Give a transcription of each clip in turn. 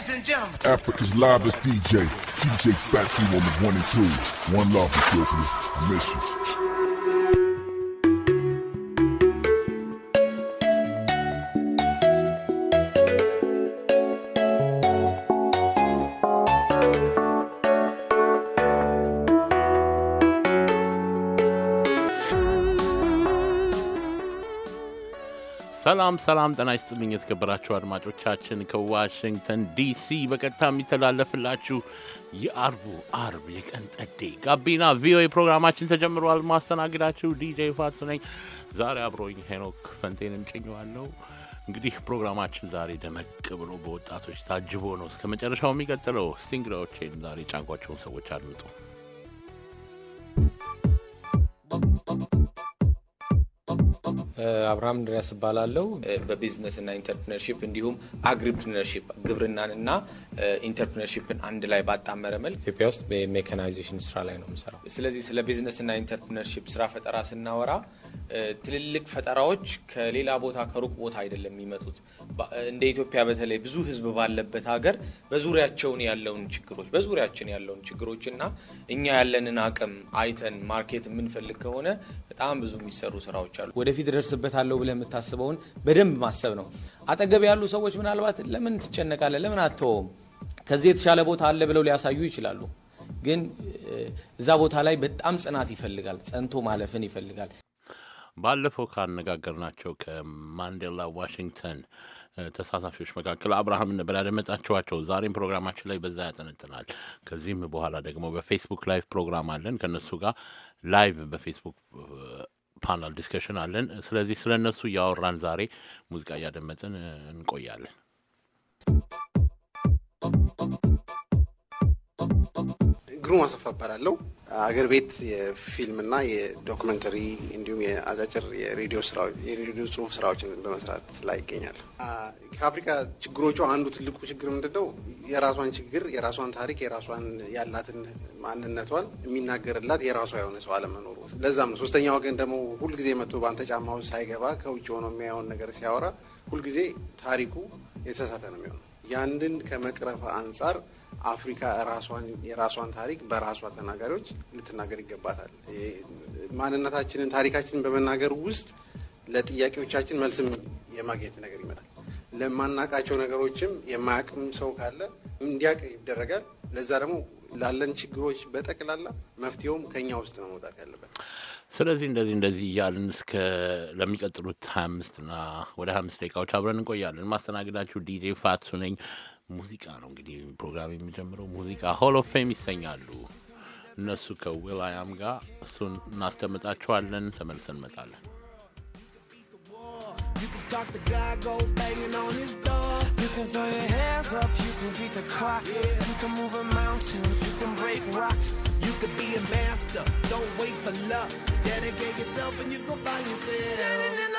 ladies and gentlemen. Africa's livest DJ, DJ Fatsy on one and two. One love, you, I miss you. ሰላም ሰላም፣ ጤና ይስጥልኝ የተከበራችሁ አድማጮቻችን ከዋሽንግተን ዲሲ በቀጥታ የሚተላለፍላችሁ የአርቡ አርብ የቀን ጠዴ ጋቢና ቪኦኤ ፕሮግራማችን ተጀምሯል። ማስተናግዳችሁ ዲጄ ፋሱ ነኝ። ዛሬ አብሮኝ ሄኖክ ፈንቴንም ጭኘዋለሁ። እንግዲህ ፕሮግራማችን ዛሬ ደመቅ ብሎ በወጣቶች ታጅቦ ነው እስከ መጨረሻው የሚቀጥለው። ሲንግራዎቼን ዛሬ ጫንቋቸውን ሰዎች አድምጡ። አብርሃም እንድሪያስ እባላለሁ። በቢዝነስ እና ኢንተርፕሪነርሺፕ እንዲሁም አግሪፕሪነርሺፕ ግብርናን እና ኢንተርፕሪነርሺፕን አንድ ላይ ባጣመረ መልክ ኢትዮጵያ ውስጥ የሜካናይዜሽን ስራ ላይ ነው የምሰራው። ስለዚህ ስለ ቢዝነስ እና ኢንተርፕሪነርሺፕ ስራ ፈጠራ ስናወራ ትልልቅ ፈጠራዎች ከሌላ ቦታ ከሩቅ ቦታ አይደለም የሚመጡት። እንደ ኢትዮጵያ በተለይ ብዙ ሕዝብ ባለበት ሀገር በዙሪያቸውን ያለውን ችግሮች በዙሪያችን ያለውን ችግሮች እና እኛ ያለንን አቅም አይተን ማርኬት የምንፈልግ ከሆነ በጣም ብዙ የሚሰሩ ስራዎች አሉ። ወደፊት እደርስበታለሁ ብለህ የምታስበውን በደንብ ማሰብ ነው። አጠገብ ያሉ ሰዎች ምናልባት ለምን ትጨነቃለህ፣ ለምን አትተወውም፣ ከዚህ የተሻለ ቦታ አለ ብለው ሊያሳዩ ይችላሉ። ግን እዛ ቦታ ላይ በጣም ጽናት ይፈልጋል፣ ጸንቶ ማለፍን ይፈልጋል። ባለፈው ካነጋገርናቸው ከማንዴላ ዋሽንግተን ተሳታፊዎች መካከል አብርሃም ነበር ያደመጣችኋቸው። ዛሬም ፕሮግራማችን ላይ በዛ ያጠነጥናል። ከዚህም በኋላ ደግሞ በፌስቡክ ላይቭ ፕሮግራም አለን ከእነሱ ጋር ላይቭ በፌስቡክ ፓናል ዲስከሽን አለን። ስለዚህ ስለ እነሱ እያወራን ዛሬ ሙዚቃ እያደመጥን እንቆያለን። ግሩም አሰፋ እባላለሁ። አገር ቤት የፊልምና የዶክመንተሪ እንዲሁም የአጫጭር የሬዲዮ ጽሁፍ ስራዎችን በመስራት ላይ ይገኛል። ከአፍሪካ ችግሮቿ አንዱ ትልቁ ችግር ምንድነው? የራሷን ችግር፣ የራሷን ታሪክ፣ የራሷን ያላትን ማንነቷን የሚናገርላት የራሷ የሆነ ሰው አለመኖሩ። ለዛም ነው ሶስተኛ ወገን ደግሞ ሁልጊዜ መጥቶ በአንተ ጫማ ውስጥ ሳይገባ ከውጭ ሆኖ የሚያየውን ነገር ሲያወራ ሁልጊዜ ታሪኩ የተሳሳተ ነው የሚሆነው። ያንን ከመቅረፍ አንጻር አፍሪካ ራሷን የራሷን ታሪክ በራሷ ተናጋሪዎች ልትናገር ይገባታል። ማንነታችንን፣ ታሪካችንን በመናገር ውስጥ ለጥያቄዎቻችን መልስም የማግኘት ነገር ይመጣል። ለማናቃቸው ነገሮችም የማያቅም ሰው ካለ እንዲያቅ ይደረጋል። ለዛ ደግሞ ላለን ችግሮች በጠቅላላ መፍትሄውም ከኛ ውስጥ ነው መውጣት ያለበት። ስለዚህ እንደዚህ እንደዚህ እያልን እስከ ለሚቀጥሉት ሀያ አምስትና ወደ ሀያ አምስት ደቂቃዎች አብረን እንቆያለን። ማስተናገዳችሁ ዲጄ ፋትሱ ነኝ። ሙዚቃ ነው እንግዲህ ፕሮግራም የሚጀምረው ሙዚቃ ሆል ኦፍ ፌም ይሰኛሉ እነሱ ከዊላያም ጋር እሱን እናስደምጣችኋለን ተመልሰን እንመጣለን Talk the guy, go banging on his door. You can throw your hands up, you can beat the clock. Yeah. You can move a mountain, you can break rocks. You can be a master, don't wait for luck. Dedicate yourself and you go find yourself.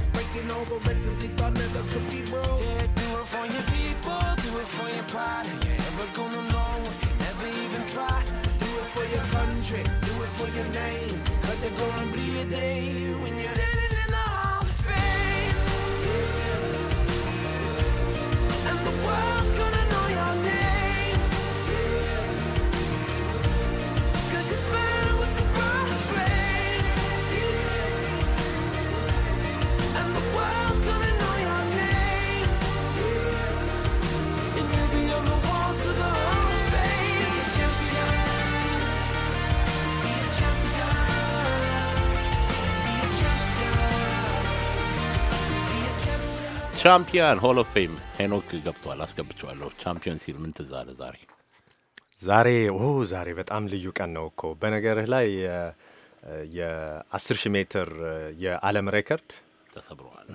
Working on the record they thought never could be broke. Yeah, do it for your people, do it for your pride. And you're never gonna know if you never even try. Do it for your country, do it for your name. Cause there's gonna be a day when you're. ቻምፒየን ሆል ኦፍ ፌም ሄኖክ ገብቷል። አስገብቸዋለሁ። ቻምፒየን ሲል ምን ትዝ አለ? ዛሬ ዛሬ ኦ ዛሬ በጣም ልዩ ቀን ነው እኮ በነገርህ ላይ የ10 ሺ ሜትር የዓለም ሬከርድ ተሰብረዋል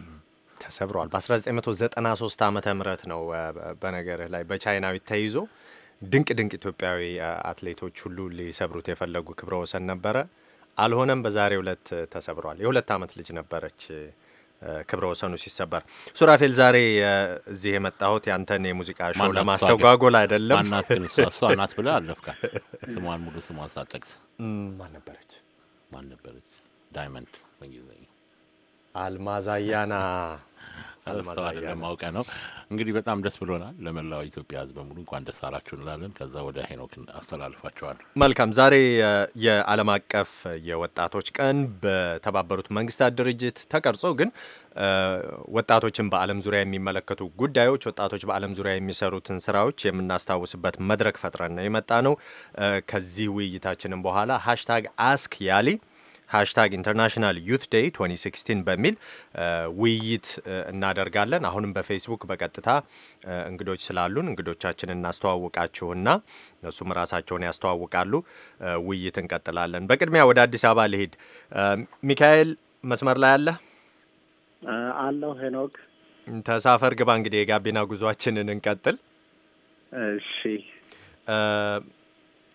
ተሰብረዋል። በ1993 ዓመተ ምህረት ነው በነገርህ ላይ በቻይናዊ ተይዞ ድንቅ ድንቅ ኢትዮጵያዊ አትሌቶች ሁሉ ሊሰብሩት የፈለጉ ክብረ ወሰን ነበረ። አልሆነም። በዛሬው ዕለት ተሰብረዋል። የሁለት ዓመት ልጅ ነበረች ክብረ ወሰኑ ሲሰበር። ሱራፌል፣ ዛሬ እዚህ የመጣሁት ያንተን የሙዚቃ ሾው ለማስተጓጎል አይደለም። ማናት ግን እሷ ናት ብለህ አለፍካት። ስሟን ሙሉ ስሟን ሳጠቅስ ማን ነበረች? ማን ነበረች? ዳይመንድ በእንግሊዝኛ አልማዝ አያና አለማዛ አይደለም ነው እንግዲህ በጣም ደስ ብሎናል። ለመላው ኢትዮጵያ ሕዝብ በሙሉ እንኳን ደስ አላችሁ እንላለን። ከዛ ወደ ሄኖክ አስተላልፋቸዋል። መልካም። ዛሬ የዓለም አቀፍ የወጣቶች ቀን በተባበሩት መንግስታት ድርጅት ተቀርጾ ግን ወጣቶችን በዓለም ዙሪያ የሚመለከቱ ጉዳዮች፣ ወጣቶች በዓለም ዙሪያ የሚሰሩትን ስራዎች የምናስታውስበት መድረክ ፈጥረን ነው የመጣ ነው። ከዚህ ውይይታችንም በኋላ ሀሽታግ አስክ ያሊ ሃሽታግ ኢንተርናሽናል ዩት ዴይ 2016 በሚል ውይይት እናደርጋለን። አሁንም በፌስቡክ በቀጥታ እንግዶች ስላሉን እንግዶቻችን እናስተዋውቃችሁና እነሱም ራሳቸውን ያስተዋውቃሉ። ውይይት እንቀጥላለን። በቅድሚያ ወደ አዲስ አበባ ልሂድ። ሚካኤል መስመር ላይ አለ አለው። ሄኖክ ተሳፈር ግባ። እንግዲህ የጋቢና ጉዟችንን እንቀጥል። እሺ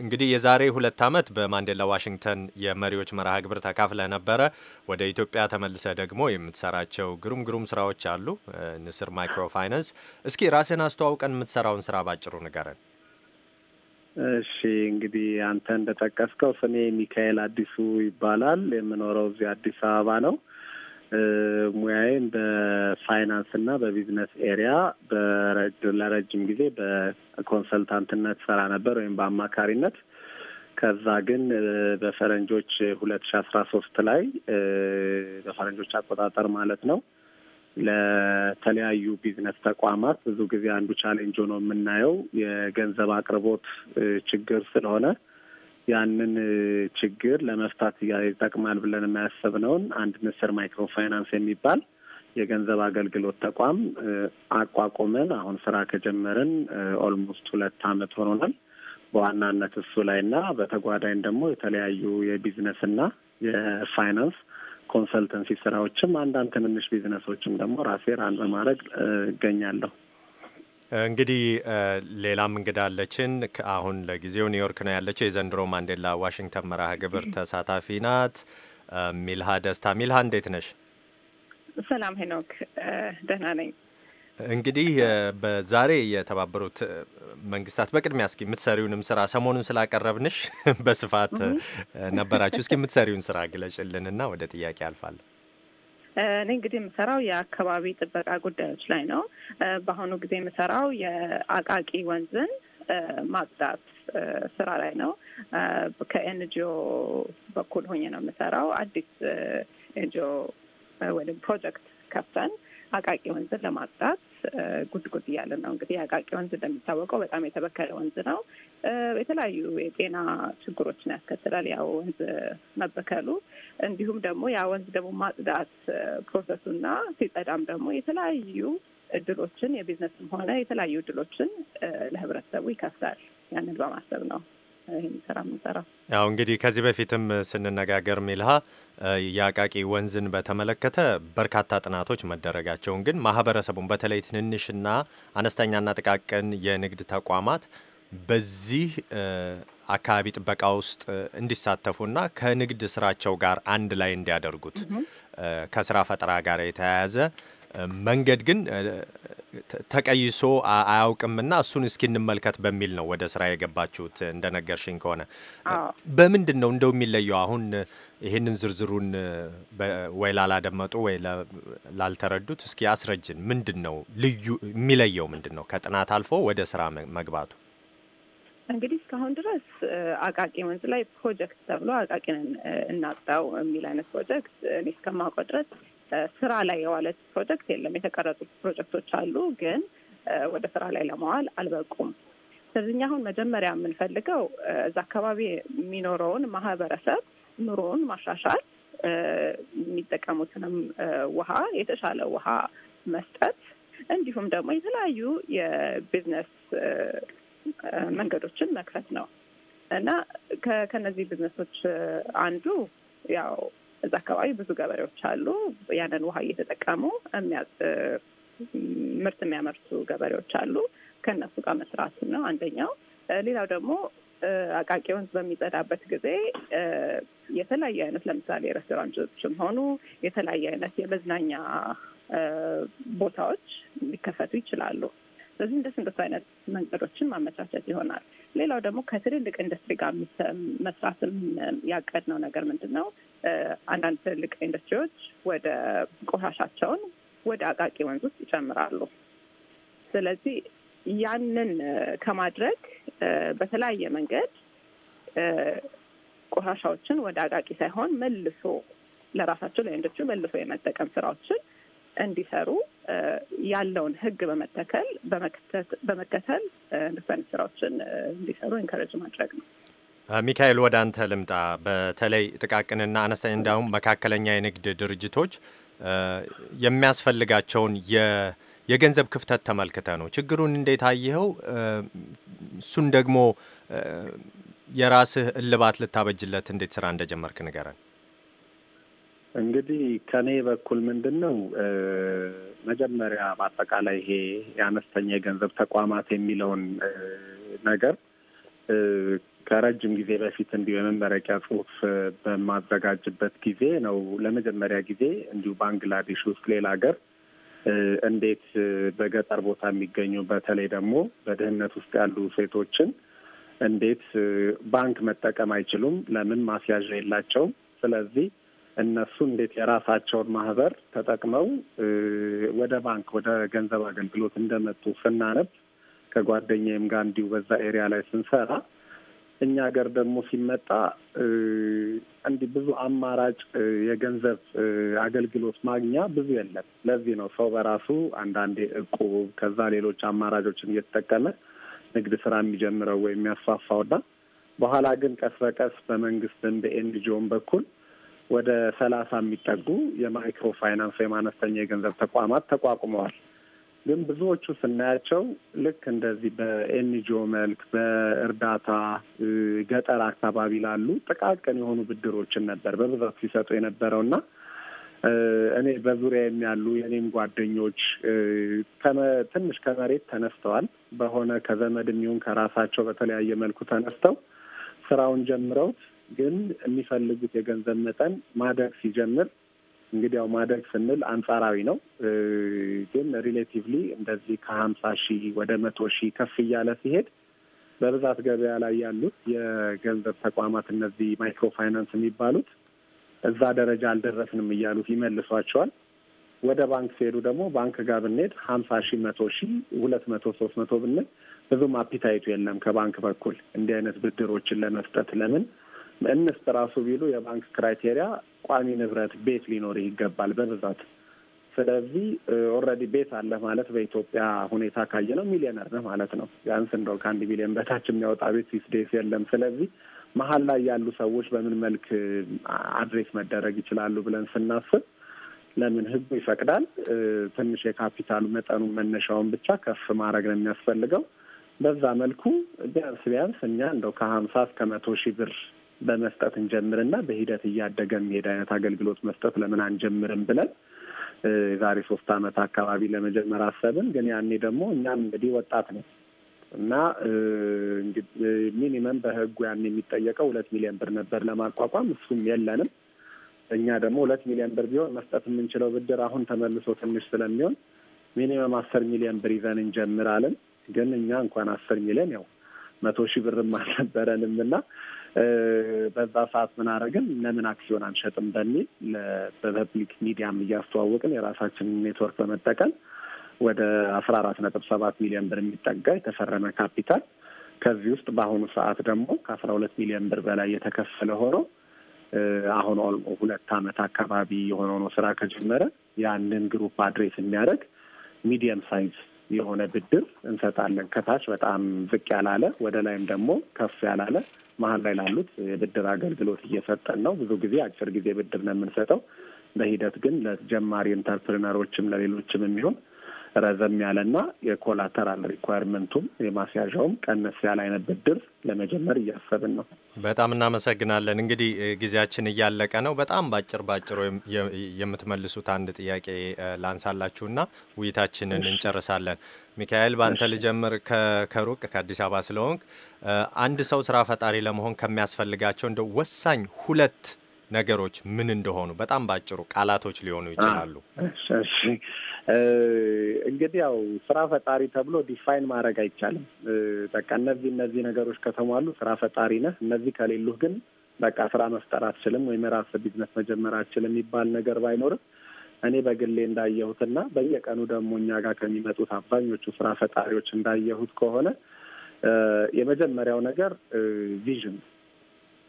እንግዲህ የዛሬ ሁለት ዓመት በማንዴላ ዋሽንግተን የመሪዎች መርሃ ግብር ተካፍለ ነበረ። ወደ ኢትዮጵያ ተመልሰ ደግሞ የምትሰራቸው ግሩም ግሩም ስራዎች አሉ። ንስር ማይክሮ ፋይናንስ፣ እስኪ ራሴን አስተዋውቀን የምትሰራውን ስራ ባጭሩ ንገረን። እሺ፣ እንግዲህ አንተ እንደጠቀስከው ስሜ ሚካኤል አዲሱ ይባላል። የምኖረው እዚህ አዲስ አበባ ነው። ሙያዬም በፋይናንስ እና በቢዝነስ ኤሪያ ለረጅም ጊዜ በኮንሰልታንትነት ሰራ ነበር ወይም በአማካሪነት። ከዛ ግን በፈረንጆች ሁለት ሺ አስራ ሶስት ላይ በፈረንጆች አቆጣጠር ማለት ነው ለተለያዩ ቢዝነስ ተቋማት ብዙ ጊዜ አንዱ ቻሌንጅ ሆኖ የምናየው የገንዘብ አቅርቦት ችግር ስለሆነ ያንን ችግር ለመፍታት ይጠቅማል ብለን የማያሰብነውን አንድ ምስር ማይክሮ ፋይናንስ የሚባል የገንዘብ አገልግሎት ተቋም አቋቁመን አሁን ስራ ከጀመርን ኦልሞስት ሁለት አመት ሆኖናል። በዋናነት እሱ ላይ እና በተጓዳኝ ደግሞ የተለያዩ የቢዝነስ እና የፋይናንስ ኮንሰልተንሲ ስራዎችም አንዳንድ ትንንሽ ቢዝነሶችም ደግሞ ራሴ ራን በማድረግ እገኛለሁ። እንግዲህ ሌላም አለችን አሁን ለጊዜው ኒውዮርክ ነው ያለችው። የዘንድሮ ማንዴላ ዋሽንግተን መርሃ ግብር ተሳታፊ ናት። ሚልሃ ደስታ፣ ሚልሃ እንዴት ነሽ? ሰላም ሄኖክ፣ ደህና ነኝ። እንግዲህ በዛሬ የተባበሩት መንግስታት በቅድሚያ እስኪ የምትሰሪውንም ስራ ሰሞኑን ስላቀረብንሽ በስፋት ነበራችሁ። እስኪ የምትሰሪውን ስራ ግለጭልንና ወደ ጥያቄ አልፋለሁ። እኔ እንግዲህ የምሰራው የአካባቢ ጥበቃ ጉዳዮች ላይ ነው። በአሁኑ ጊዜ የምሰራው የአቃቂ ወንዝን ማጽዳት ስራ ላይ ነው። ከኤንጂኦ በኩል ሆኜ ነው የምሰራው። አዲስ ኤንጂኦ ወይም ፕሮጀክት ከፍተን አቃቂ ወንዝን ለማጽዳት ወንዝ ጉድጉድ እያለ ነው እንግዲህ የአቃቂ ወንዝ እንደሚታወቀው በጣም የተበከለ ወንዝ ነው። የተለያዩ የጤና ችግሮችን ያስከትላል ያ ወንዝ መበከሉ። እንዲሁም ደግሞ ያ ወንዝ ደግሞ ማጽዳት ፕሮሰሱና ሲጸዳም ደግሞ የተለያዩ እድሎችን የቢዝነስም ሆነ የተለያዩ እድሎችን ለህብረተሰቡ ይከፍታል። ያንን በማሰብ ነው ይህን ስራ የምንሰራው። እንግዲህ ከዚህ በፊትም ስንነጋገር ሚልሃ የአቃቂ ወንዝን በተመለከተ በርካታ ጥናቶች መደረጋቸውን ግን ማህበረሰቡን በተለይ ትንንሽና አነስተኛና ጥቃቅን የንግድ ተቋማት በዚህ አካባቢ ጥበቃ ውስጥ እንዲሳተፉና ከንግድ ስራቸው ጋር አንድ ላይ እንዲያደርጉት ከስራ ፈጠራ ጋር የተያያዘ መንገድ ግን ተቀይሶ አያውቅምና እሱን እስኪ እንመልከት በሚል ነው ወደ ስራ የገባችሁት። እንደነገርሽኝ ከሆነ በምንድን ነው እንደው የሚለየው? አሁን ይህንን ዝርዝሩን ወይ ላላደመጡ ወይ ላልተረዱት እስኪ አስረጅን። ምንድን ነው ልዩ የሚለየው? ምንድን ነው ከጥናት አልፎ ወደ ስራ መግባቱ? እንግዲህ እስካሁን ድረስ አቃቂ ወንዝ ላይ ፕሮጀክት ተብሎ አቃቂን እናጣው የሚል አይነት ፕሮጀክት እኔ እስከማውቀው ድረስ ስራ ላይ የዋለ ፕሮጀክት የለም። የተቀረጹ ፕሮጀክቶች አሉ፣ ግን ወደ ስራ ላይ ለመዋል አልበቁም። ስለዚህ እኛ አሁን መጀመሪያ የምንፈልገው እዛ አካባቢ የሚኖረውን ማህበረሰብ ኑሮውን ማሻሻል፣ የሚጠቀሙትንም ውሃ የተሻለ ውሃ መስጠት፣ እንዲሁም ደግሞ የተለያዩ የቢዝነስ መንገዶችን መክፈት ነው እና ከነዚህ ቢዝነሶች አንዱ ያው እዛ አካባቢ ብዙ ገበሬዎች አሉ። ያንን ውሃ እየተጠቀሙ ምርት የሚያመርቱ ገበሬዎች አሉ። ከእነሱ ጋር መስራት ነው አንደኛው። ሌላው ደግሞ አቃቂ ወንዝ በሚጸዳበት ጊዜ የተለያዩ አይነት ለምሳሌ ሬስቶራንቶችም ሆኑ የተለያዩ አይነት የመዝናኛ ቦታዎች ሊከፈቱ ይችላሉ። ስለዚህ እንደ እንደዚህ አይነት መንገዶችን ማመቻቸት ይሆናል። ሌላው ደግሞ ከትልልቅ ኢንዱስትሪ ጋር መስራትም ያቀድነው ነገር ምንድን ነው? አንዳንድ ትልልቅ ኢንዱስትሪዎች ወደ ቆሻሻቸውን ወደ አቃቂ ወንዝ ውስጥ ይጨምራሉ። ስለዚህ ያንን ከማድረግ በተለያየ መንገድ ቆሻሻዎችን ወደ አቃቂ ሳይሆን መልሶ ለራሳቸው ለኢንዱስትሪ መልሶ የመጠቀም ስራዎችን እንዲሰሩ ያለውን ህግ በመተከል በመከተል እንደዚህ ስራዎችን እንዲሰሩ ኢንከረጅ ማድረግ ነው። ሚካኤል ወደ አንተ ልምጣ። በተለይ ጥቃቅንና አነስተኛ እንዲሁም መካከለኛ የንግድ ድርጅቶች የሚያስፈልጋቸውን የገንዘብ ክፍተት ተመልክተ ነው ችግሩን እንዴት አየኸው? እሱን ደግሞ የራስህ እልባት ልታበጅለት እንዴት ስራ እንደጀመርክ ንገረን። እንግዲህ ከኔ በኩል ምንድን ነው መጀመሪያ በአጠቃላይ ይሄ የአነስተኛ የገንዘብ ተቋማት የሚለውን ነገር ከረጅም ጊዜ በፊት እንዲሁ የመመረቂያ ጽሁፍ በማዘጋጅበት ጊዜ ነው ለመጀመሪያ ጊዜ እንዲሁ ባንግላዴሽ ውስጥ ሌላ ሀገር እንዴት በገጠር ቦታ የሚገኙ በተለይ ደግሞ በድህነት ውስጥ ያሉ ሴቶችን እንዴት ባንክ መጠቀም አይችሉም? ለምን? ማስያዣ የላቸውም። ስለዚህ እነሱ እንዴት የራሳቸውን ማህበር ተጠቅመው ወደ ባንክ ወደ ገንዘብ አገልግሎት እንደመጡ ስናነብ ከጓደኛዬም ጋር እንዲሁ በዛ ኤሪያ ላይ ስንሰራ እኛ ሀገር ደግሞ ሲመጣ እንዲህ ብዙ አማራጭ የገንዘብ አገልግሎት ማግኛ ብዙ የለም። ለዚህ ነው ሰው በራሱ አንዳንዴ እቁብ፣ ከዛ ሌሎች አማራጮችን እየተጠቀመ ንግድ ስራ የሚጀምረው ወይም የሚያስፋፋውና በኋላ ግን ቀስ በቀስ በመንግስትም በኤንጂኦም በኩል ወደ ሰላሳ የሚጠጉ የማይክሮ ፋይናንስ ወይም አነስተኛ የገንዘብ ተቋማት ተቋቁመዋል። ግን ብዙዎቹ ስናያቸው ልክ እንደዚህ በኤንጂኦ መልክ በእርዳታ ገጠር አካባቢ ላሉ ጥቃቅን የሆኑ ብድሮችን ነበር በብዛት ሲሰጡ የነበረው እና እኔ በዙሪያ የሚያሉ የኔም ጓደኞች ትንሽ ከመሬት ተነስተዋል። በሆነ ከዘመድ የሚሆን ከራሳቸው በተለያየ መልኩ ተነስተው ስራውን ጀምረውት ግን የሚፈልጉት የገንዘብ መጠን ማደግ ሲጀምር እንግዲህ ያው ማደግ ስንል አንጻራዊ ነው። ግን ሪሌቲቭሊ እንደዚህ ከሀምሳ ሺህ ወደ መቶ ሺህ ከፍ እያለ ሲሄድ በብዛት ገበያ ላይ ያሉት የገንዘብ ተቋማት እነዚህ ማይክሮ ፋይናንስ የሚባሉት እዛ ደረጃ አልደረስንም እያሉት ይመልሷቸዋል። ወደ ባንክ ሲሄዱ ደግሞ ባንክ ጋር ብንሄድ ሀምሳ ሺህ መቶ ሺህ ሁለት መቶ ሶስት መቶ ብንል ብዙም አፒታይቱ የለም ከባንክ በኩል እንዲህ አይነት ብድሮችን ለመስጠት ለምን እንስት ራሱ ቢሉ የባንክ ክራይቴሪያ ቋሚ ንብረት ቤት ሊኖር ይገባል በብዛት ስለዚህ ኦልሬዲ ቤት አለ ማለት በኢትዮጵያ ሁኔታ ካየ ነው ሚሊዮነር ነህ ማለት ነው። ቢያንስ እንደው ከአንድ ሚሊዮን በታች የሚያወጣ ቤት ሲስዴስ የለም። ስለዚህ መሀል ላይ ያሉ ሰዎች በምን መልክ አድሬስ መደረግ ይችላሉ ብለን ስናስብ ለምን ህጉ ይፈቅዳል። ትንሽ የካፒታሉ መጠኑን መነሻውን ብቻ ከፍ ማድረግ ነው የሚያስፈልገው። በዛ መልኩ ቢያንስ ቢያንስ እኛ እንደው ከሀምሳ እስከ መቶ ሺህ ብር በመስጠት እንጀምርና በሂደት እያደገ የሚሄድ አይነት አገልግሎት መስጠት ለምን አንጀምርም ብለን የዛሬ ሶስት አመት አካባቢ ለመጀመር አሰብን። ግን ያኔ ደግሞ እኛም እንግዲህ ወጣት ነው እና ሚኒመም በህጉ ያን የሚጠየቀው ሁለት ሚሊዮን ብር ነበር ለማቋቋም፣ እሱም የለንም። እኛ ደግሞ ሁለት ሚሊዮን ብር ቢሆን መስጠት የምንችለው ብድር አሁን ተመልሶ ትንሽ ስለሚሆን ሚኒመም አስር ሚሊዮን ብር ይዘን እንጀምራለን። ግን እኛ እንኳን አስር ሚሊዮን ያው መቶ ሺህ ብርም አልነበረንም እና በዛ ሰዓት ምን አደረግን? ለምን አክሲዮን አንሸጥም በሚል በፐብሊክ ሚዲያም እያስተዋወቅን የራሳችንን ኔትወርክ በመጠቀም ወደ አስራ አራት ነጥብ ሰባት ሚሊዮን ብር የሚጠጋ የተፈረመ ካፒታል ከዚህ ውስጥ በአሁኑ ሰዓት ደግሞ ከአስራ ሁለት ሚሊዮን ብር በላይ የተከፈለ ሆኖ አሁን ኦልሞ ሁለት ዓመት አካባቢ የሆነ ሆኖ ስራ ከጀመረ ያንን ግሩፕ አድሬስ የሚያደርግ ሚዲየም ሳይዝ የሆነ ብድር እንሰጣለን። ከታች በጣም ዝቅ ያላለ፣ ወደ ላይም ደግሞ ከፍ ያላለ መሀል ላይ ላሉት የብድር አገልግሎት እየሰጠን ነው። ብዙ ጊዜ አጭር ጊዜ ብድር ነው የምንሰጠው። በሂደት ግን ለጀማሪ ኢንተርፕሪነሮችም ለሌሎችም የሚሆን ረዘም ያለና የኮላተራል ሪኳርመንቱም የማስያዣውም ቀነስ ያለ አይነት ብድር ለመጀመር እያሰብን ነው። በጣም እናመሰግናለን። እንግዲህ ጊዜያችን እያለቀ ነው። በጣም ባጭር ባጭሩ የምትመልሱት አንድ ጥያቄ ላንሳላችሁና ውይይታችንን እንጨርሳለን። ሚካኤል በአንተ ልጀምር። ከሩቅ ከአዲስ አበባ ስለሆንክ አንድ ሰው ስራ ፈጣሪ ለመሆን ከሚያስፈልጋቸው እንደ ወሳኝ ሁለት ነገሮች ምን እንደሆኑ በጣም ባጭሩ ቃላቶች ሊሆኑ ይችላሉ። እንግዲህ ያው ስራ ፈጣሪ ተብሎ ዲፋይን ማድረግ አይቻልም። በቃ እነዚህ እነዚህ ነገሮች ከተሟሉ ስራ ፈጣሪ ነህ፣ እነዚህ ከሌሉህ ግን በቃ ስራ መፍጠር አትችልም ወይም የራስህ ቢዝነስ መጀመር አትችልም የሚባል ነገር ባይኖርም እኔ በግሌ እንዳየሁትና በየቀኑ ደግሞ እኛ ጋር ከሚመጡት አብዛኞቹ ስራ ፈጣሪዎች እንዳየሁት ከሆነ የመጀመሪያው ነገር ቪዥን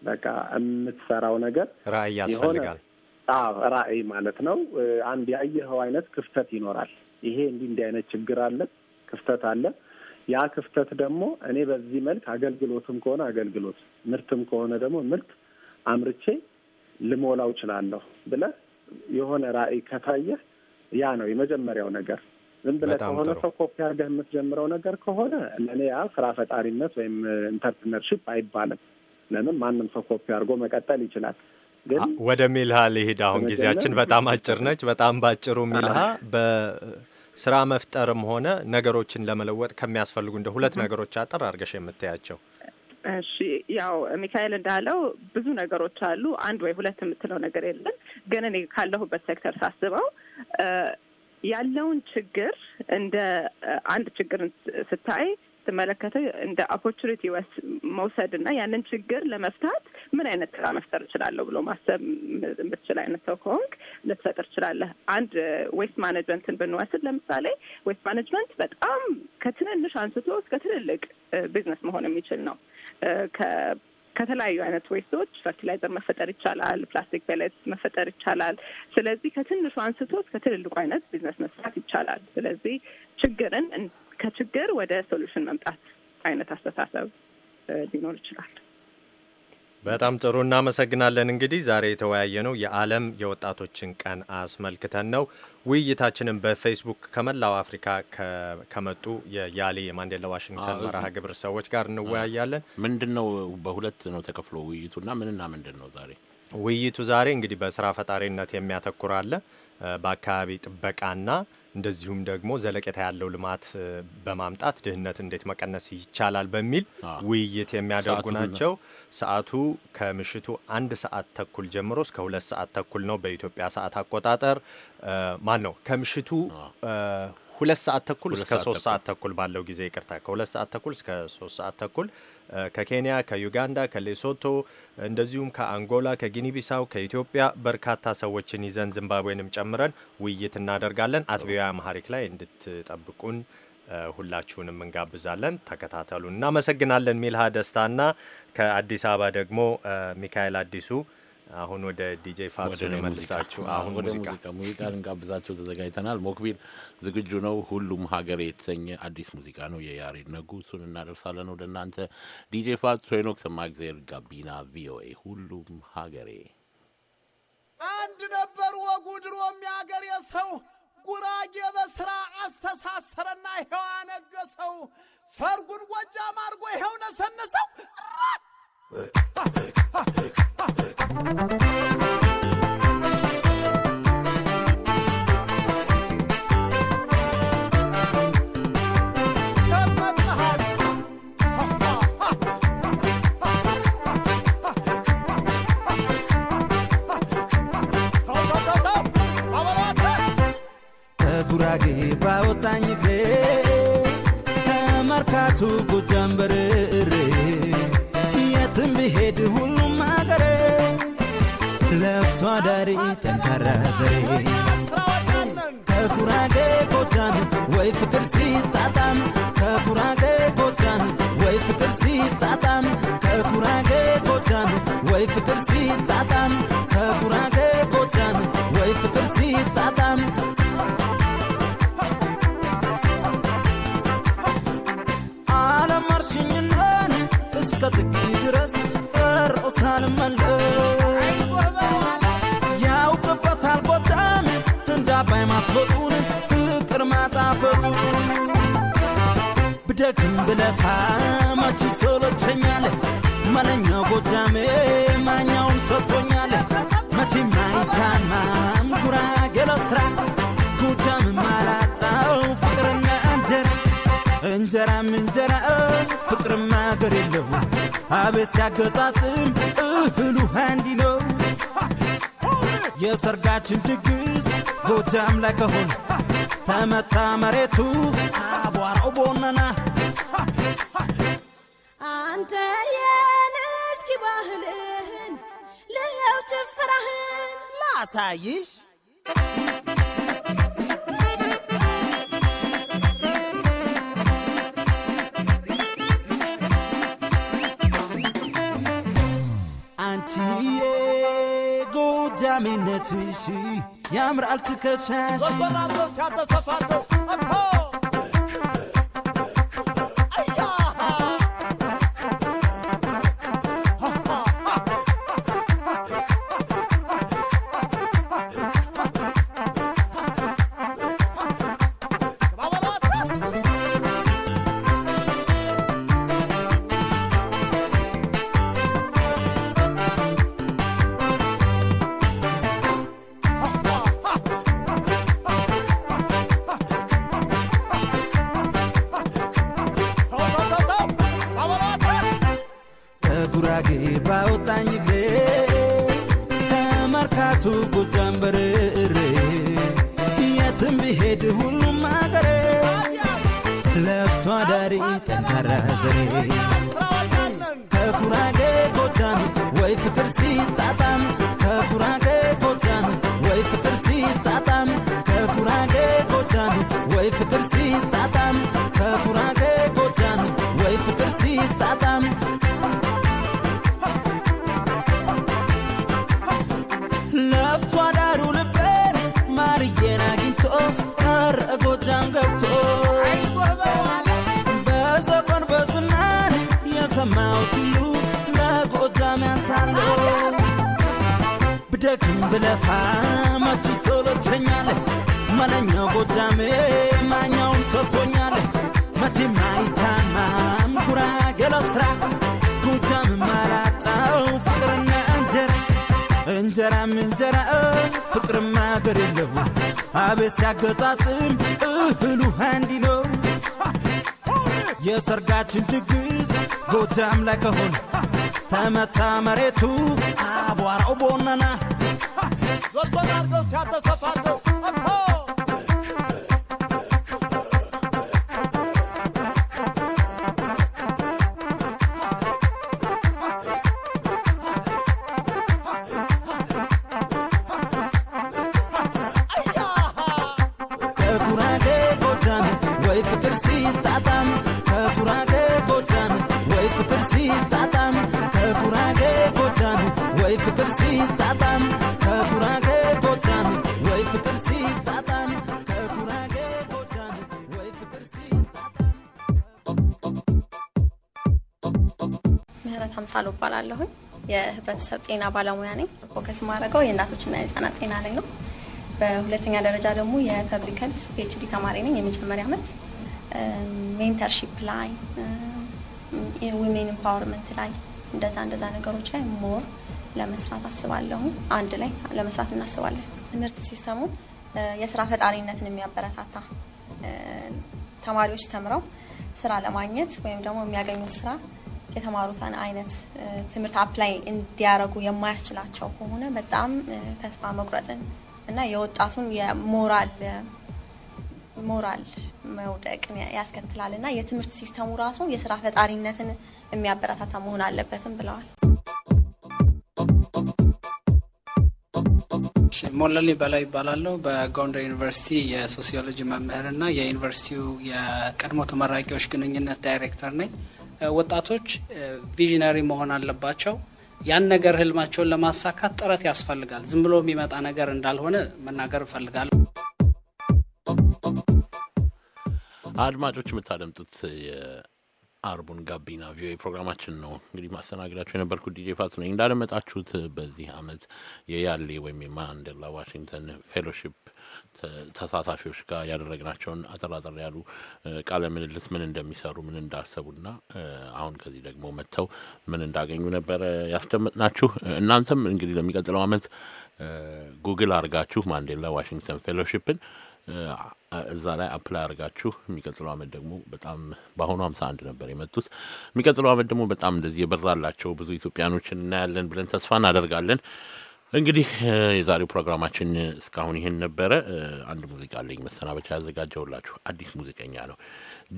በቃ የምትሰራው ነገር ራዕይ ያስፈልጋል። አዎ ራዕይ ማለት ነው። አንድ ያየኸው አይነት ክፍተት ይኖራል። ይሄ እንዲህ እንዲህ አይነት ችግር አለ፣ ክፍተት አለ። ያ ክፍተት ደግሞ እኔ በዚህ መልክ አገልግሎትም ከሆነ አገልግሎት፣ ምርትም ከሆነ ደግሞ ምርት አምርቼ ልሞላው እችላለሁ ብለህ የሆነ ራዕይ ከታየህ ያ ነው የመጀመሪያው ነገር። ዝም ብለህ ከሆነ ሰው ኮፒ አድርገህ የምትጀምረው ነገር ከሆነ ለእኔ ያ ስራ ፈጣሪነት ወይም ኢንተርፕርነርሺፕ አይባልም። ለምን ማንም ሰው ኮፒ አድርጎ መቀጠል ይችላል። ግን ወደ ሚልሃ ልሂድ። አሁን ጊዜያችን በጣም አጭር ነች። በጣም ባጭሩ ሚልሃ በስራ መፍጠርም ሆነ ነገሮችን ለመለወጥ ከሚያስፈልጉ እንደ ሁለት ነገሮች አጠር አድርገሽ የምታያቸው? እሺ ያው ሚካኤል እንዳለው ብዙ ነገሮች አሉ። አንድ ወይ ሁለት የምትለው ነገር የለም። ግን እኔ ካለሁበት ሴክተር ሳስበው ያለውን ችግር እንደ አንድ ችግር ስታይ ስትመለከተው እንደ ኦፖርቹኒቲ ወስ መውሰድ እና ያንን ችግር ለመፍታት ምን አይነት ስራ መፍጠር እችላለሁ ብሎ ማሰብ የምትችል አይነት ሰው ከሆንክ ልትፈጥር እችላለህ። አንድ ዌስት ማኔጅመንትን ብንወስድ ለምሳሌ ዌስት ማኔጅመንት በጣም ከትንንሽ አንስቶ እስከ ትልልቅ ቢዝነስ መሆን የሚችል ነው። ከተለያዩ አይነት ዌስቶች ፈርቲላይዘር መፈጠር ይቻላል። ፕላስቲክ ፔሌት መፈጠር ይቻላል። ስለዚህ ከትንሹ አንስቶ እስከ ትልልቁ አይነት ቢዝነስ መስራት ይቻላል። ስለዚህ ችግርን ከችግር ወደ ሶሉሽን መምጣት አይነት አስተሳሰብ ሊኖር ይችላል። በጣም ጥሩ እናመሰግናለን። እንግዲህ ዛሬ የተወያየ ነው የዓለም የወጣቶችን ቀን አስመልክተን ነው። ውይይታችንን በፌስቡክ ከመላው አፍሪካ ከመጡ የያሌ የማንዴላ ዋሽንግተን መርሃ ግብር ሰዎች ጋር እንወያያለን። ምንድን ነው በሁለት ነው ተከፍሎ ውይይቱና ምንና ምንድን ነው ዛሬ ውይይቱ ዛሬ እንግዲህ በስራ ፈጣሪነት የሚያተኩራለ በአካባቢ ጥበቃና እንደዚሁም ደግሞ ዘለቄታ ያለው ልማት በማምጣት ድህነት እንዴት መቀነስ ይቻላል በሚል ውይይት የሚያደርጉ ናቸው። ሰዓቱ ከምሽቱ አንድ ሰዓት ተኩል ጀምሮ እስከ ሁለት ሰዓት ተኩል ነው በኢትዮጵያ ሰዓት አቆጣጠር። ማን ነው ከምሽቱ ሁለት ሰዓት ተኩል እስከ ሶስት ሰዓት ተኩል ባለው ጊዜ ይቅርታ፣ ከሁለት ሰዓት ተኩል እስከ ሶስት ሰዓት ተኩል ከኬንያ፣ ከዩጋንዳ፣ ከሌሶቶ እንደዚሁም ከአንጎላ፣ ከጊኒቢሳው፣ ከኢትዮጵያ በርካታ ሰዎችን ይዘን ዝምባብዌንም ጨምረን ውይይት እናደርጋለን። አትቪያ ማሀሪክ ላይ እንድትጠብቁን ሁላችሁንም እንጋብዛለን። ተከታተሉ። እናመሰግናለን። ሚልሃ ደስታና ከአዲስ አበባ ደግሞ ሚካኤል አዲሱ አሁን ወደ ዲጄ ፋቱ መልሳችሁ አሁን ወደ ሙዚቃ ሙዚቃ ልንጋብዛቸው ተዘጋጅተናል። ሞክቢል ዝግጁ ነው? ሁሉም ሀገር የተሰኘ አዲስ ሙዚቃ ነው የያሬድ ነጉ። እሱን እናደርሳለን ወደ እናንተ። ዲጄ ፋቱ ሄኖክ ሰማእግዜር፣ ጋቢና ቪኦኤ። ሁሉም ሀገሬ አንድ ነበር ወጉ ድሮም የአገሬ ሰው ጉራጌ በስራ አስተሳሰረና ይኸው አነገሰው ሰርጉን ጎጃም አድርጎ ይኸው ነሰነሰው ጉራጌ ባወጣኝ እግሬ ከመርካቱ ጎጃም በሬ Maadari tan karaa zaree. ብለፋ ማች ሰለቸኛል መለኛው ጎጃሜ ማኛውን ሰጥቶኛል መቼ ማይታማም ጉራጌ ስራ ጎጃም ማላጣው ፍቅርና እንጀራ እንጀራም እንጀራ ፍቅርም አገር የለው አቤት ሲያገጣጥም እህሉ አንዲ ነው የሰርጋችን ድግስ ጎጃም ላይ ከሆነ ተመታ መሬቱ አቧራው ቦነና አንተ የንስኪ ባህልህን ለየው ጭፈራህን ላሳይሽ አንቺዬ ጎጃሜነትሽ ያምራል ትከሻሽ ሞትሉ ለጎጃም ያንሳለሁ ብደክም ብለፋ መች ሰለቸኛል መለኛው ጎጃሜ ማኛውን ሰጥቶኛል መቼም አይታማም ጉራጌ ለስራ ጎጃም ማላጣው ፍቅርና እንጀራ እንጀራም እንጀራ ፍቅርም አገር የለው አቤት ሲያገጣጥም እህሉ አንድ ነው የሰርጋችን ድግስ ጎጃም ላይ ከሆን ተመታ መሬቱ አቧራው ቦነና ዞዞ አርገው ሲያተሰፋርገው እባላለሁኝ። የህብረተሰብ ጤና ባለሙያ ነኝ። ፎከስ ማድረገው የእናቶችና የህፃናት ጤና ላይ ነው። በሁለተኛ ደረጃ ደግሞ የፐብሊክ ሄልዝ ፒኤችዲ ተማሪ ነኝ። የመጀመሪያ ዓመት ሜንተርሺፕ ላይ ዊሜን ኢምፓወርመንት ላይ እንደዛ እንደዛ ነገሮች ላይ ሞር ለመስራት አስባለሁ። አንድ ላይ ለመስራት እናስባለን። ትምህርት ሲስተሙ የስራ ፈጣሪነትን የሚያበረታታ ተማሪዎች ተምረው ስራ ለማግኘት ወይም ደግሞ የሚያገኙት ስራ የተማሩትን አይነት ትምህርት አፕላይ እንዲያረጉ የማያስችላቸው ከሆነ በጣም ተስፋ መቁረጥን እና የወጣቱን የሞራል ሞራል መውደቅን ያስከትላል እና የትምህርት ሲስተሙ ራሱ የስራ ፈጣሪነትን የሚያበረታታ መሆን አለበትም ብለዋል። ሞለሌ በላይ ይባላለሁ። በጎንደር ዩኒቨርሲቲ የሶሲዮሎጂ መምህርና የዩኒቨርሲቲው የቀድሞ ተመራቂዎች ግንኙነት ዳይሬክተር ነኝ። ወጣቶች ቪዥነሪ መሆን አለባቸው። ያን ነገር ህልማቸውን ለማሳካት ጥረት ያስፈልጋል። ዝም ብሎ የሚመጣ ነገር እንዳልሆነ መናገር እፈልጋለሁ። አድማጮች የምታደምጡት አርቡን ጋቢና ቪኦኤ ፕሮግራማችን ነው። እንግዲህ ማስተናገዳቸው የነበርኩ ዲጄ ፋት ነኝ። እንዳደመጣችሁት በዚህ አመት የያሌ ወይም የማንዴላ ዋሽንግተን ፌሎሺፕ ተሳታፊዎች ጋር ያደረግናቸውን አጠራጠር ያሉ ቃለ ምልልስ ምን እንደሚሰሩ ምን እንዳሰቡና አሁን ከዚህ ደግሞ መጥተው ምን እንዳገኙ ነበረ ያስደመጥናችሁ። እናንተም እንግዲህ ለሚቀጥለው አመት ጉግል አድርጋችሁ ማንዴላ ዋሽንግተን ፌሎሺፕን እዛ ላይ አፕላይ አድርጋችሁ የሚቀጥለው አመት ደግሞ በጣም በአሁኑ ሀምሳ አንድ ነበር የመጡት። የሚቀጥለው አመት ደግሞ በጣም እንደዚህ የበራላቸው ብዙ ኢትዮጵያኖችን እናያለን ብለን ተስፋ እናደርጋለን። እንግዲህ የዛሬው ፕሮግራማችን እስካሁን ይህን ነበረ። አንድ ሙዚቃ አለኝ መሰናበቻ ያዘጋጀውላችሁ። አዲስ ሙዚቀኛ ነው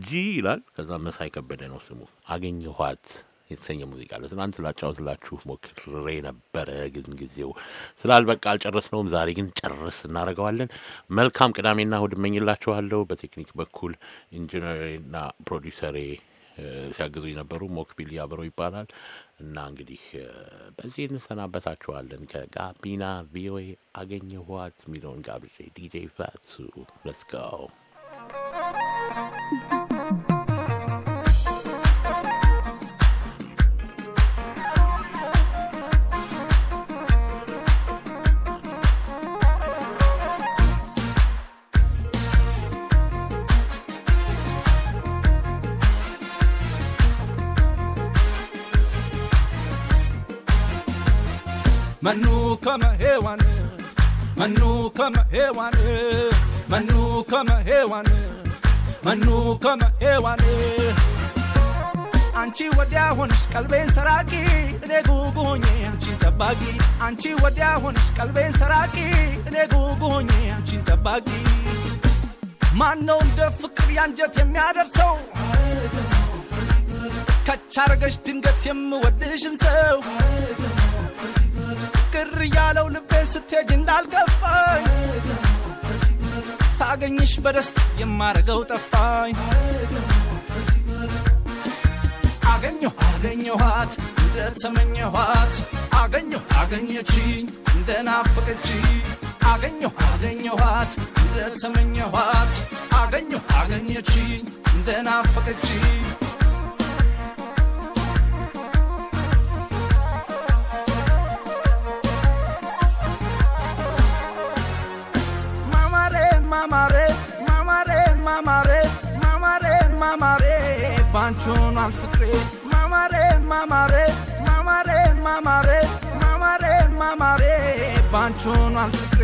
ጂ ይላል። ከዛ መሳይ ከበደ ነው ስሙ። አገኘኋት የተሰኘ ሙዚቃ አለ። ትናንት ላጫወትላችሁ ሞክሬ ነበረ፣ ግን ጊዜው ስላልበቃ አልጨረስነውም። ዛሬ ግን ጨርስ እናደርገዋለን። መልካም ቅዳሜና እሁድ እመኝላችኋለሁ። በቴክኒክ በኩል ኢንጂነሬና ፕሮዲውሰሬ ሲያግዙኝ ነበሩ። ሞክቢል ያበረው ይባላል። እና እንግዲህ በዚህ እንሰናበታችኋለን። ከጋቢና ቪኦኤ አገኘኋት የሚለውን ጋብዤ ዲጄ ፋቱ ለስጋው Manu kama hewane, manu kama hewane, manu kama hewane, manu kama hewane. አንቺ ወዲያ ሆንሽ ቀልቤን ሰራቂ እኔ ጉጉ ሆኜ አንቺን ጠባቂ አንቺ ወዲያ ሆንሽ ቀልቤን ሰራቂ እኔ ጉጉ ሆኜ አንቺን ጠባቂ ማነው እንደ ፍቅር ያንጀት የሚያደርሰው ከቻርገሽ ድንገት የምወድሽን ሰው ቅር ያለው ልቤን ስትሄድ እንዳልገፋኝ ሳገኝሽ በደስት የማረገው ጠፋኝ። አገኘሁ አገኘኋት እንደተመኘኋት አገኘሁ አገኘችኝ እንደናፈቀችኝ አገኘሁ አገኘኋት እንደተመኘኋት አገኘሁ አገኘችኝ እንደናፈቀችኝ ማን ፍቅሬ ማማሬ ማማሬ ማማሬ ማማሬ ማማሬ ማማሬ ባንቾኗን ፍቅሬ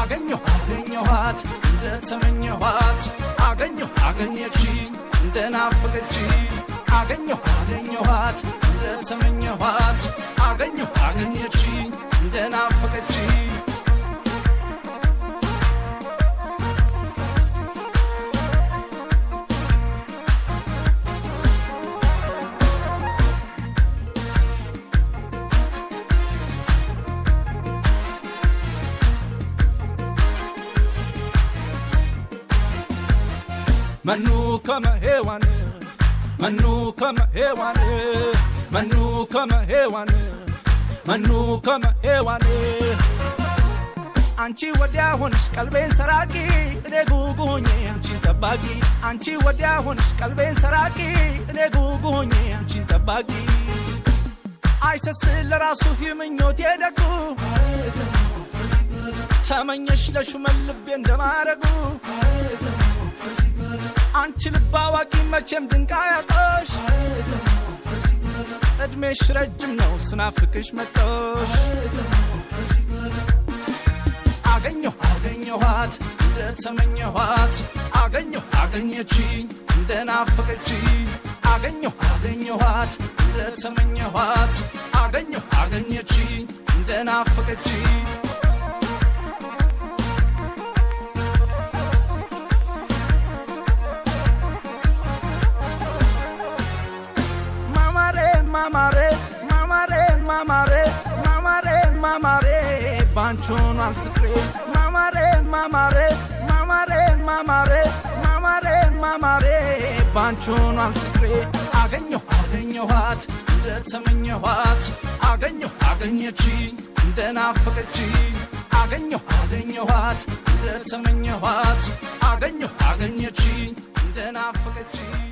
አገኘሁ አገኘኋት እንደተመኘኋት አገኘ አገኘችኝ እንደናፈቀች አገኘሁ አገኘኋት እንደተመኘኋት አገኘሁ አገኘችኝ እንደናፈቀችኝ kama hewani, manu kama hewani, manu kama hewani, manu kama hewani. አንቺ ወዲያ ሆንሽ ቀልቤን ሰራቂ እኔ ጉጉ ሆኜ አንቺን ጠባቂ አንቺ ወዲያ ሆንሽ ቀልቤን ሰራቂ እኔ ጉጉ ሆኜ አንቺን ጠባቂ አይሰስል ለራሱ ምኞቴ ደጉ ተመኘሽ ለሹመን ልቤ እንደማረጉ አንቺ ልባ አዋቂ መቼም ድንቃ አያጣሽ እድሜሽ ረጅም ነው ስናፍቅሽ መጣሽ አገኘሁ አገኘኋት እንደተመኘኋት አገኘሁ አገኘችኝ እንደናፈቀችኝ አገኘሁ አገኘኋት እንደተመኘኋት አገኘሁ አገኘችኝ እንደናፈቀችኝ ማማሬ ማማሬ ማማሬ ማማሬ ማማሬ ባንቾኗል ፍቅሬ ማማሬ ማማሬ ማማሬ ማማሬ ማማሬ ማማሬ ባንቾኗል ፍቅሬ አገኘሁ አገኘኋት እንደተመኘኋት አገኘሁ አገኘችኝ እንደናፈቀችኝ አገኘሁ አገኘኋት እንደተመኘኋት አገኘሁ አገኘችኝ እንደናፈቀችኝ